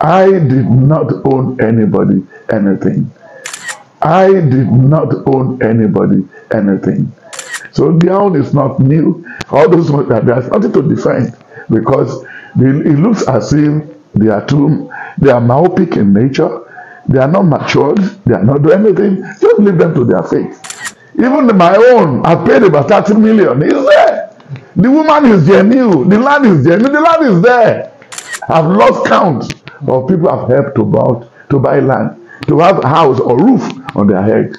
I did not own anybody anything. I did not own anybody anything. So the own is not new. All those ones that there's nothing to defend because it looks as if they are too they are myopic in nature. They are not matured. They are not doing anything. Just leave them to their fate. Even my own, I paid about 30 million. Is there. The woman is genuine. The land is genuine. The land is there. I've lost count. But people have helped to buy, to buy land, to have a house or roof on their head.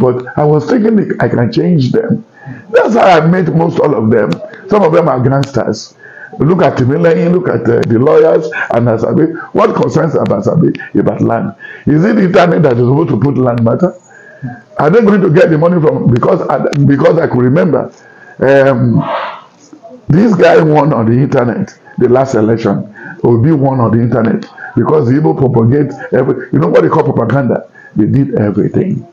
But I was thinking I can change them. That's how I met most all of them. Some of them are gangsters. Look at Timileyin, look at uh, the lawyers and Asabi. What concerns about Abasabi about land? Is it internet that is supposed to put land matter? Are they going to get the money from because I, because I could remember um, this guy won on the internet the last election. Obi won on the internet because the will propagate, every. You know what they call propaganda? They did everything.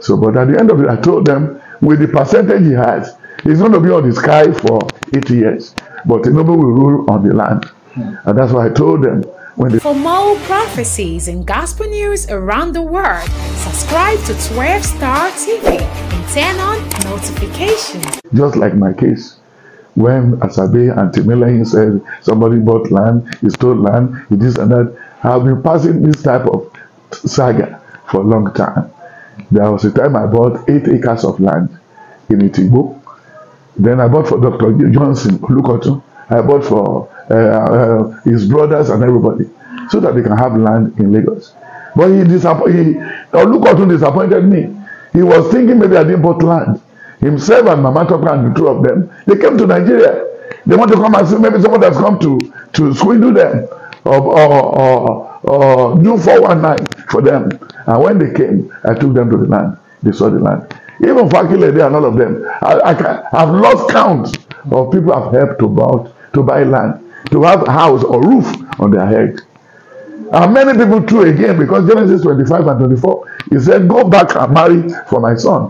So, but at the end of it, I told them with the percentage he has, he's going to be on the sky for eight years, but nobody will rule on the land. And that's why I told them. When they for more prophecies and gospel news around the world, subscribe to 12 Star TV and turn on notifications. Just like my case. when Asabe and Temelehin said somebody bought land, he stole land, he this and that. I've been passing this type of saga for a long time. There was a time I bought eight acres of land in Itigbo. Then I bought for Dr. Johnson Olukotu. I bought for uh, uh, his brothers and everybody so that they can have land in Lagos. But he disappointed. Olukotu disappointed me. He was thinking maybe I didn't bought land himself and Mama Toko and the two of them, they came to Nigeria. They want to come and see maybe someone has come to, to swindle them or, or, or, or do 419 for them. And when they came, I took them to the land. They saw the land. Even Fakile, they and all of them. I, I can, I've lost count of people I've helped to bought to buy land, to have a house or roof on their head. And many people too again, because Genesis 25 and 24, he said, Go back and marry for my son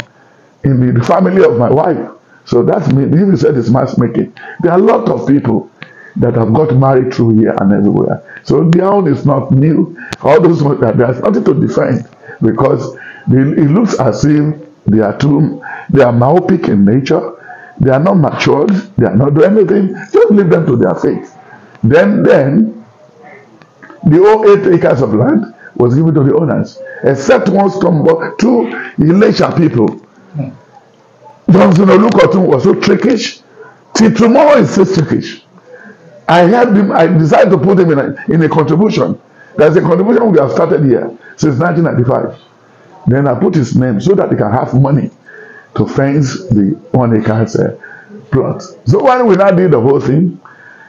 in the family of my wife. So that means If you said it's matchmaking, there are a lot of people that have got married through here and everywhere. So their own is not new. All those there's nothing to defend because they, it looks as if they are too they are myopic in nature. They are not matured. They are not doing anything. Just leave them to their fate. Then then the whole eight acres of land was given to the owners, except one stumble, two Elisha people look at him was so trickish. Till tomorrow is still trickish. I helped him, I decided to put him in a, in a contribution. There's a contribution we have started here since 1995. Then I put his name so that he can have money to fence the one acre uh, plot. So when we now did the whole thing,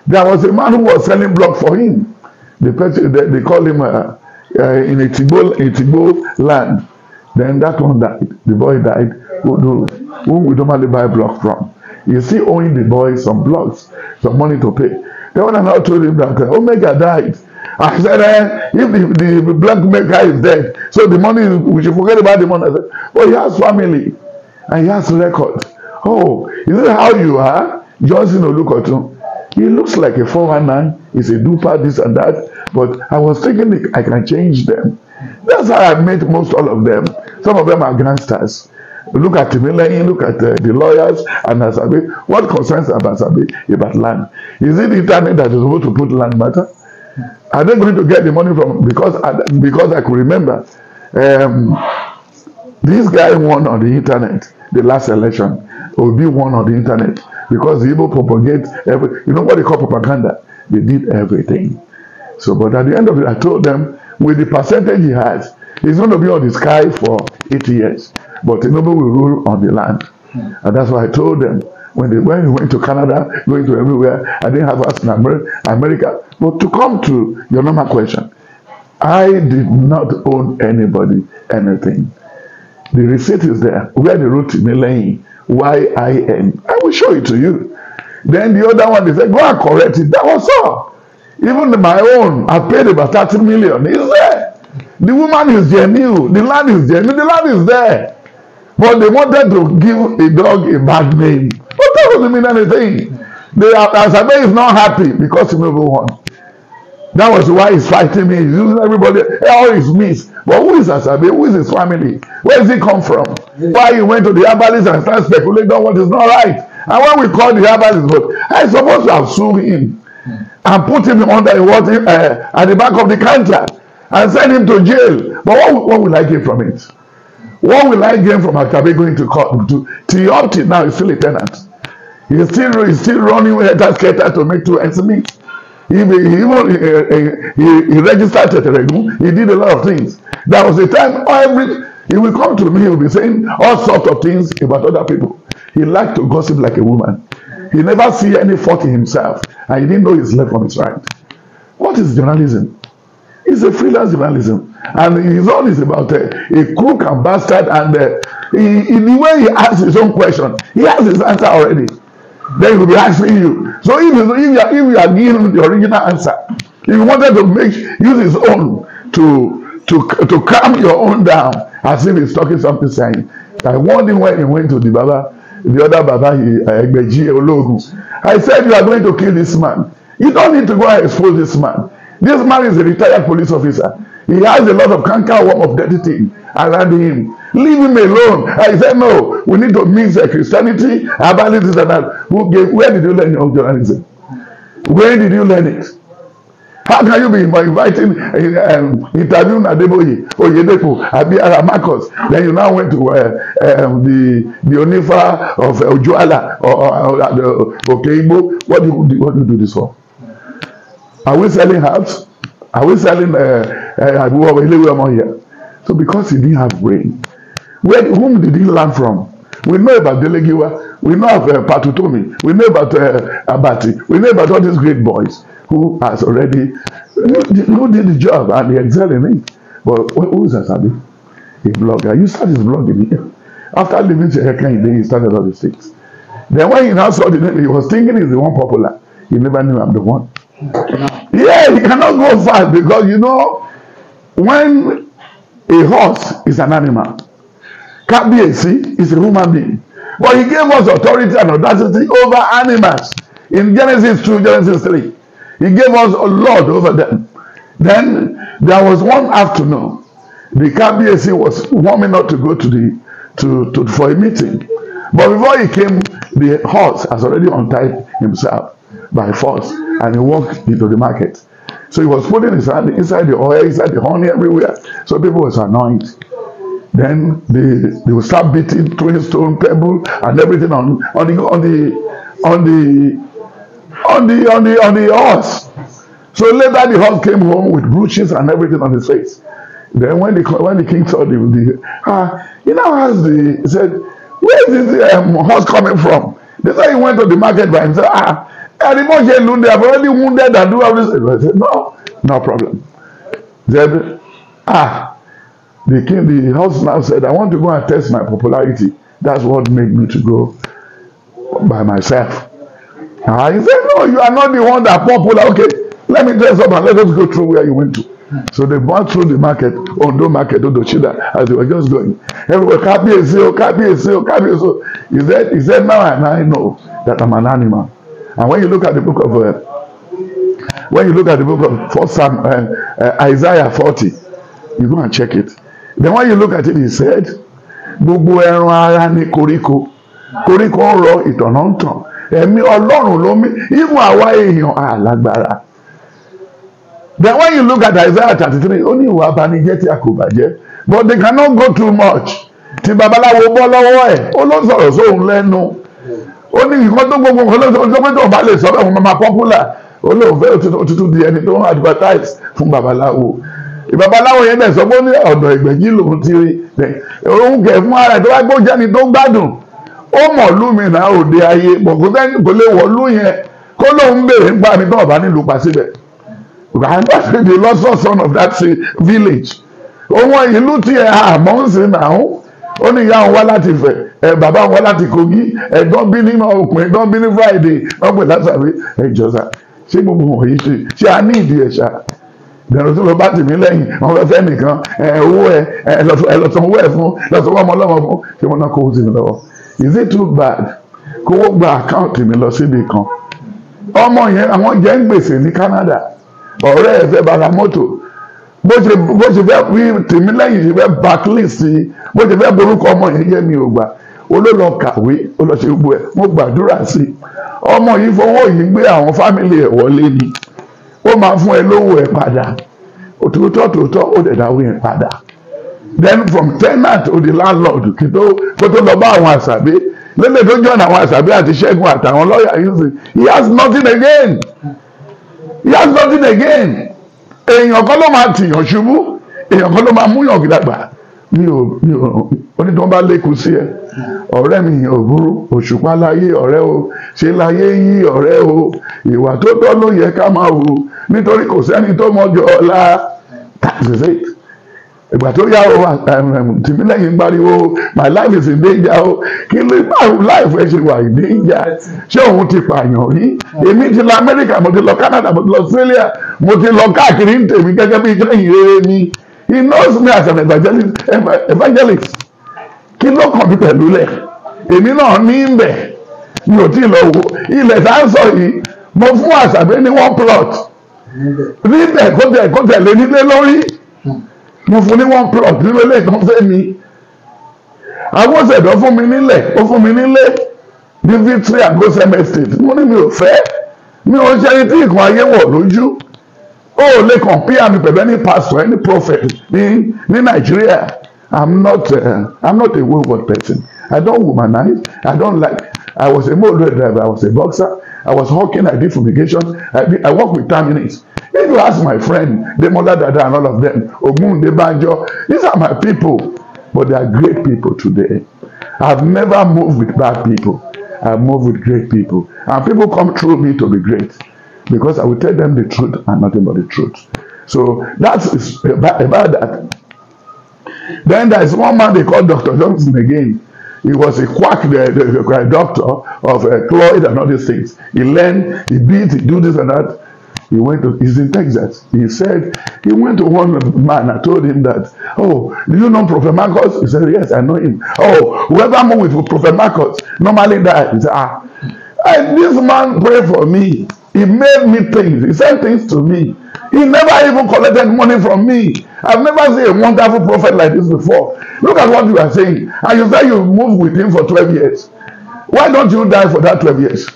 there was a man who was selling block for him. The person, they, they called him uh, uh, in a Tigbo land. Then that one died. The boy died who, who we normally buy blocks from. You see, owing the boy some blocks, some money to pay. Then when I now told him that uh, Omega died, I said, eh, if the, the black maker is dead, so the money, we should forget about the money. I said, well, he has family and he has records. Oh, is it how you are? Johnson Olukotun. He looks like a 419, he's a duper, this and that. But I was thinking I can change them. That's how I met most all of them. Some of them are gangsters. Look at Timileyin, look at uh, the lawyers and Asabi. What concerns about Asabe about land? Is it the internet that is supposed to put land matter? Are they going to get the money from? Because I, because I could remember, um, this guy won on the internet the last election. Will be won on the internet because the Igbo propagate every. You know what they call propaganda? They did everything. So, but at the end of it, I told them with the percentage he has, he's going to be on the sky for eight years. But Tinubu will rule on the land. Hmm. And that's why I told them when they when we went to Canada, going to everywhere, I didn't have us in America, America. But to come to your normal question, I did not own anybody anything. The receipt is there. Where the root in Elaine, Y-I-N. I will show it to you. Then the other one, they said, go and correct it. That was all. Even my own, I paid about 30 million. Is there. The woman is genuine. The land is genuine. The land is there. But they wanted to give a dog a bad name. But that doesn't mean anything. They are, Asabe is not happy because he never won. That was why he's fighting me. Oh, he's using everybody, all his mates. But who is Asabe? Who is his family? Where does he come from? Why he went to the herbalists and started speculating on what is not right? And when we call the herbalist, but I supposed to have sued him and put him under a water uh, at the back of the counter and send him to jail. But what, what will I get from it? What will I gain from Akabe going to court? To, to up till now, he's still a tenant. He's still, he's still running with that skater to make two ends meet. He, he, even, he, he, he registered at Regu. He did a lot of things. There was a time every he will come to me, he will be saying all sorts of things about other people. He liked to gossip like a woman. He never see any fault in himself, and he didn't know his left from his right. What is journalism? It's a freelance journalism, and his own is about a, uh, a crook and bastard. And uh, he, in the way he asks his own question, he has his answer already. Then he will be asking you. So if you, if you, are, if you are giving him the original answer, if you wanted to make use his own to to to calm your own down, as if he's talking something saying. I warned him when he went to the Baba, the other Baba, he uh, Egbeji Ologun. I said you are going to kill this man. You don't need to go and expose this man. This man is a retired police officer. He has a lot of canker worm of dirty thing around him. Leave him alone. I said, no, we need to mix Christianity, herbalism, and that. Who gave, where did you learn your journalism? Where did you learn it? How can you be inviting, um, interviewing Adeboye, Oyedepo, Abiara Marcos. Then you now went to uh, um, the, the Onifa of uh, or, or, or, or, uh, or What do, you, what do you do this for? Are we selling herbs? Are we selling uh, uh, here? So because he didn't have brain, where whom did he learn from? We know about Delegiwa, we know of uh, Patutomi, we know about uh, Abati, we know about all these great boys who has already who did the job and they excel in it. But who is Asabi? A blogger. You start his blog in here. After leaving then he started all these things. Then when he now saw the name, he was thinking he's the one popular. He never knew I'm the one. Yeah, you cannot go far because you know when a horse is an animal, Kabiyesi is a human being. But he gave us authority and audacity over animals in Genesis 2, Genesis 3. He gave us a lord over them. Then there was one afternoon, the Kabiyesi was warming up to go to the to, to for a meeting. But before he came, the horse has already untied himself by force and he walked into the market. So he was putting his hand inside the oil, inside the honey everywhere. So people was annoyed. Then they, they would start beating twin stone, pebble, and everything on, on the on the on the on the on the on the horse. So later the horse came home with brooches and everything on his face. Then when the when the king saw the, the ah, he now has the he said, where is this um, horse coming from? They said he went to the market by himself. Ah, Any more get wounded. I've already wounded and do everything. I said, no, no problem. Then, ah, the king, the house now said, I want to go and test my popularity. That's what made me to go by myself. Ah, he said, no, you are not the one that popular. Okay, let me dress up and let us go through where you went to. So they went through the market, Ondo market, Ondo Shida, as they were just going. Everywhere, Kabi Ezio, copy, Ezio, Kabi Ezio. He said, he said, now I know that I'm an animal. And when you look at the book of uh, when you look at the book of First Sam, uh, uh, Isaiah 40, you go and check it. Then when you look at it, he said, "Gbogbo ẹran ara ni koríko, koríko ń rọ ìtọ̀nà ń tàn, ẹ̀mí Ọlọ́run ló mí, ìmú àwa èèyàn àlágbára." Then when you look at Isaiah 33, ó ní ìwà abanijẹ́ tí a kò bàjẹ́, but they cannot go too much. Tí babaláwo bọ́ lọ́wọ́ ẹ̀, ó ló sọ̀rọ̀ sóhun lẹ́nu ó ní ìkan tó gbogbo nǹkan lọ́sọ̀ pé tó bá lè sọ bẹ́ẹ̀ fún mama popular olóòfẹ́ òtútù di ẹni tó ń advertise fún babaláwo ìbabaláwo yẹn dẹ̀ sọ pé ó ní ọ̀dọ̀ ìgbẹ̀jì lòun ti rí òun kẹ̀ fún ara ẹ̀ tó bá gbó jẹ́ni tó gbádùn ó mọ̀ lúmìnà òde ayé bọ̀kútẹ́ni kò lè wọ̀ lú yẹn kó lóun béèrè ń gbà ní tó ọ̀bá nílùú pa síbẹ̀ and that's the lost son of that village òun ìlú tiẹ̀ àmọ́ ń sìn náà ó ní ìyá òun wá láti Ifẹ̀ ẹ bàbá òun wá láti Kogi ẹ̀gbọ́n bí ní ọkùnrin ẹ̀gbọ́n bí ní Friday wọ́n pè lásàbí ẹ̀jọ̀ sá ṣé gbogbo wọ̀nyí ṣe ṣé a ní ìdí ẹ̀ṣà bẹ̀rù tó lọ bá tèmi lẹ́yìn wọn fẹ́ fẹ́ nìkan owó ẹ ẹlọ́tàn owó ẹ fún lọ́tàn owó ọmọ ọlọ́mọ fún ṣé wọn náà kó owó sí mi lọ́wọ́ is it too bad kó wọ́n gba àkáǹtì mi lọ síbi kan ọmọ yẹn àwọn jẹ́ ń gbèsè ní Canada ọ̀rẹ́ ẹ̀ fẹ́ bara mọ́tò bó ṣe bó ṣe fẹ́ bí tèmi lẹ́yìn ṣe fẹ́ backlin sí i bó ṣe fẹ́ borúkọ ọmọ yẹn yẹ mi ò gbà olólọ kàwé olóṣè gbogbo ẹ mo gbàdúrà sí i ọmọ yìí fọwọ́ yìí gbé àwọn fámìlì ẹ̀ wọlé ni ó máa fún ẹ lówó ẹ padà òtòótọ́ tòótọ́ ó dẹ̀ dáwó yẹn padà then from tenant to the landlord kí tó kó tó lọ bá àwọn àṣàbí lélẹ̀ tó jọ̀nà àwọn àṣàbí àti ṣẹ́gun àtàwọn lọ́ọ̀yà yìí sìn he has nothing again he has nothing again èèyàn kan ló máa tìyàn ṣubú èèyàn kan ló máa múyàn gidàgbà mi ò mi ò onídùn bá lékun sí ẹ ọ̀rẹ́ mi ò burú òṣùpá láyé ọ̀rẹ́ o ṣe láyé yí ọ̀rẹ́ o ìwà tó tọ́ ló yẹ ká máa hù nítorí kò sẹ́ni tó mọjọ́ ọ̀la that's it ìgbà tó yá o tìmílẹ́yìn pariwo my life is in danger o kí ló bá life ẹ ṣe wà in danger ṣé òun ti pààyàn rí èmi ti lọ Amẹ́ríkà mo ti lọ Canada mo ti lọ Australia mo ti lọ káàkiri ń tèmi gẹ́gẹ́ bí ìjọyìn rere ni he knows me as an evangelist evangelist kí ló kàn mí pẹ̀lú lẹ̀ èmi náà ní ibẹ̀ mi ò tí ì lọ wò ilẹ̀ tá a sọ yìí mo fún àṣàbẹ́ ní one plot níbẹ̀ kó tẹ̀ kó tẹ̀ lé nílé lórí. Hmm mo fún ní one plot nínú ilé ìtàn fẹ́ mi agbóṣèdọ́ fún mi nílẹ̀ ó fún mi nílé ní victory agbóṣẹ́mẹ́ state mo ní mi ò fẹ́ mi ò ṣe ẹni tí nǹkan ayé wọ̀ lójú ó lè compare mi pẹ̀lú any pastor any prophet ní ní nàìjíríà i'm not uh, i'm not a wayward person i don't womanize i don't like i was a motor driver i was a boxer i was hawking i did fumigation i did i work with terminus If you ask my friend, the mother Dada and all of them, Ogun the Banjo, these are my people. But they are great people today. I've never moved with bad people. I've moved with great people. And people come through me to be great. Because I will tell them the truth and nothing but the truth. So that's about, that. Then there is one man they call Dr. Johnson again. He was a quack, the, the, the doctor of uh, Cloyd and all these things. He learned, he did, he do this and that. He went to, he's in Texas. He said, he went to one man. and told him that, oh, do you know Prophet Marcus? He said, yes, I know him. Oh, whoever I'm with Prophet Marcus, normally dies. He said, ah. And this man prayed for me. He made me things. He sent things to me. He never even collected money from me. I've never seen a wonderful prophet like this before. Look at what you are saying. And you say you moved with him for 12 years. Why don't you die for that 12 years?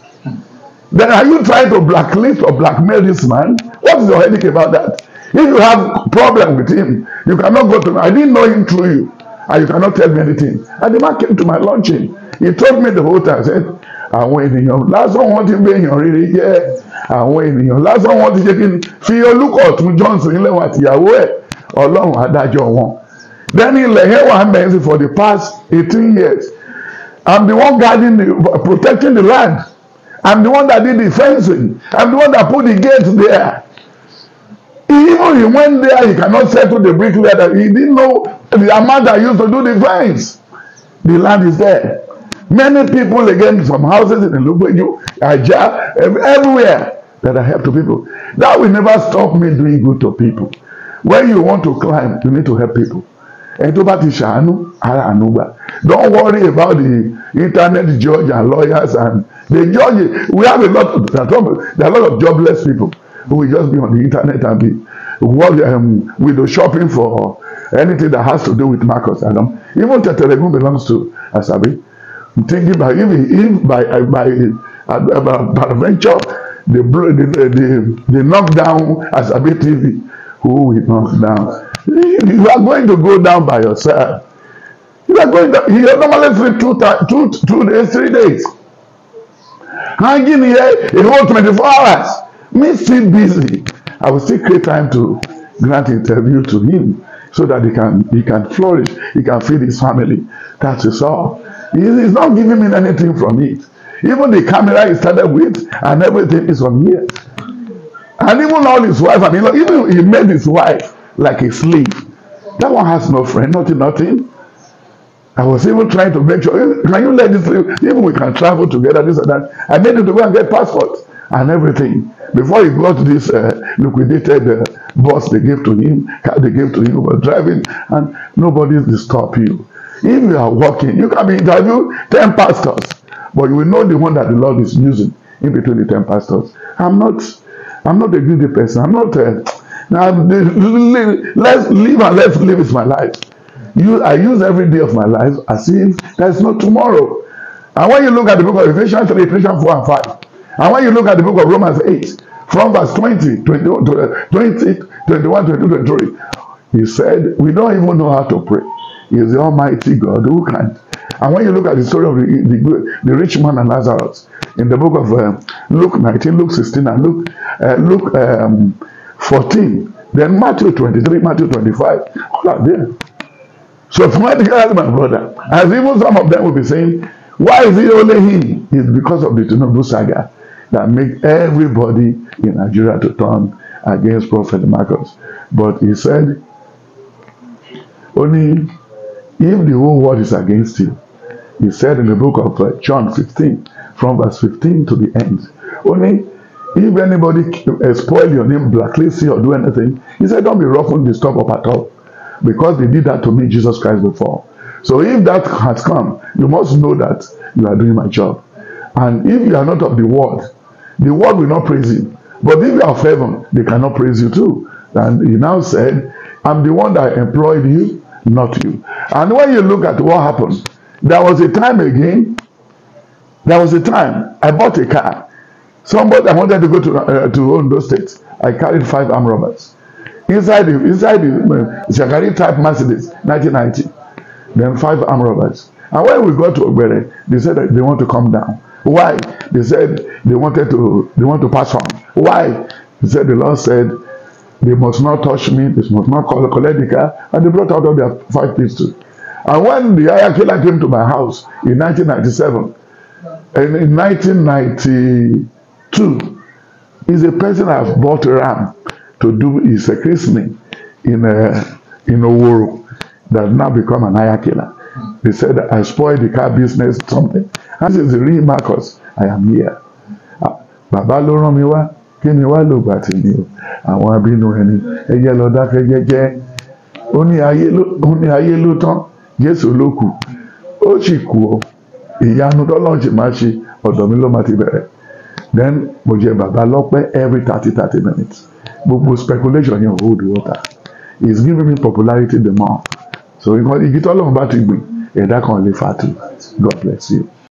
Then are you trying to blacklist or blackmail this man? What is your headache about that? If you have problem with him, you cannot go to me. I didn't know him through you, and you cannot tell me anything. And the man came to my luncheon. He told me the whole time. I said, àwọn ènìyàn lásán wọ́n ti gbé èèyàn rere jẹ́ àwọn ènìyàn lásán wọ́n ti ṣe kí ni fi Olúkọ̀tún Johnson lẹ́wọ̀n àtìyàwó ẹ̀ Ọlọ́run adájọ́ wọn. Then ilẹ̀ yẹn wà ń bẹ̀rẹ̀ for the past eighteen years. I'm the one guarding the protecting the land. I'm the one that did the fencing. I'm the one that put the gate there. Even he went there, he cannot settle the bricklayer he didn't know the amount I used to do the fence. The land is there. Many people again, from houses in Lubweju, Aja, everywhere that I help to people. That will never stop me doing good to people. When you want to climb, you need to help people ẹni tó bá ti ṣàánú ara àánú gbà don't worry about the internet judge and lawyers and the judge we have a lot of there are a lot of jobless people who will just be on the internet and be work um, with the shopping for anything that has to do with Marcus Adam even Teteregun belongs to Asabi I'm thinking by if, if by by uh, by peradventure uh, the the the, the knockdown Asabi TV who will knock down. you are going to go down by yourself. You are going to, you normally sleep two, two, two days, three days. Hanging here, it was 24 hours. Me still busy. I will still create time to grant interview to him so that he can he can flourish, he can feed his family. That is all. He is not giving me anything from it. Even the camera he started with and everything is from here. And even all his wife, I mean, even he made his wife like a slave. That one has no friend, nothing, nothing. I was even trying to make sure, can you let this, even we can travel together, this and that. I made him to go and get passport and everything. Before he got this uh, liquidated uh, bus they gave to him, they gave to him, was driving, and nobody will you. If you are walking, you can be interviewed 10 pastors, but you will know the one that the Lord is using in between the 10 pastors. I'm not, I'm not a greedy person. I'm not a, uh, Now, let's live and let's live is my life. You, I use every day of my life as if there's no tomorrow. And when you look at the book of Ephesians 3, Ephesians 4 and 5, and when you look at the book of Romans 8, from verse 20, 21, 20, 21 22, 23, he said, We don't even know how to pray. He's the Almighty God who can't? And when you look at the story of the, the, the rich man and Lazarus in the book of uh, Luke 19, Luke 16, and Luke, uh, Luke um, 14, then Matthew 23, Matthew 25, all are there. So automatically, my brother, as even some of them will be saying, why is it only he? It's because of the Tinubu saga that make everybody in Nigeria to turn against Prophet Marcus. But he said, only if the whole world is against you, he said in the book of uh, John 15, from verse 15 to the end, only If anybody uh, spoil your name, blacklist you, or do anything, he said, Don't be rough and disturb up at all. Because they did that to me, Jesus Christ, before. So if that has come, you must know that you are doing my job. And if you are not of the world, the world will not praise you. But if you are of heaven, they cannot praise you too. And he now said, I'm the one that employed you, not you. And when you look at what happened, there was a time again, there was a time I bought a car. Somebody wanted to go to uh, to those states. I carried five armed robbers. Inside the inside the uh, Shakari type Mercedes, 1990. Then five armed robbers. And when we got to Ogbere, they said they want to come down. Why? They said they wanted to they want to pass on. Why? He said the Lord said they must not touch me, they must not call collect the car, and they brought out of their five pistols. And when the higher killer came to my house in 1997, and in 1990 Two is a person I've bought a ram to do his christening in a, in a world that now become an hire killer. They said, I spoiled the car business, something. And this is the real Marcus. I am here. Ah, bàbá ló rán mi wá, kí ni wá ló gbà tèmi o? Àwọn abínú ẹni, ẹyẹ lọ dákẹ́ jẹ́jẹ́. Ó ní ayé ló tán, Jésù ló kù. Ó sì kù ọ́, ìyanu tọ́lọ́ọ̀ṣì máa ṣe, ọ̀dọ̀ mi ló máa ti bẹ̀rẹ̀ then mo jẹ bàbá lọ́pẹ́ every thirty thirty minutes gbogbo speculation yẹn hold water it's giving me popularity the more so igi tọ́lọ́run bá ti gbìn ẹ̀dá kan lè fà tu God bless you.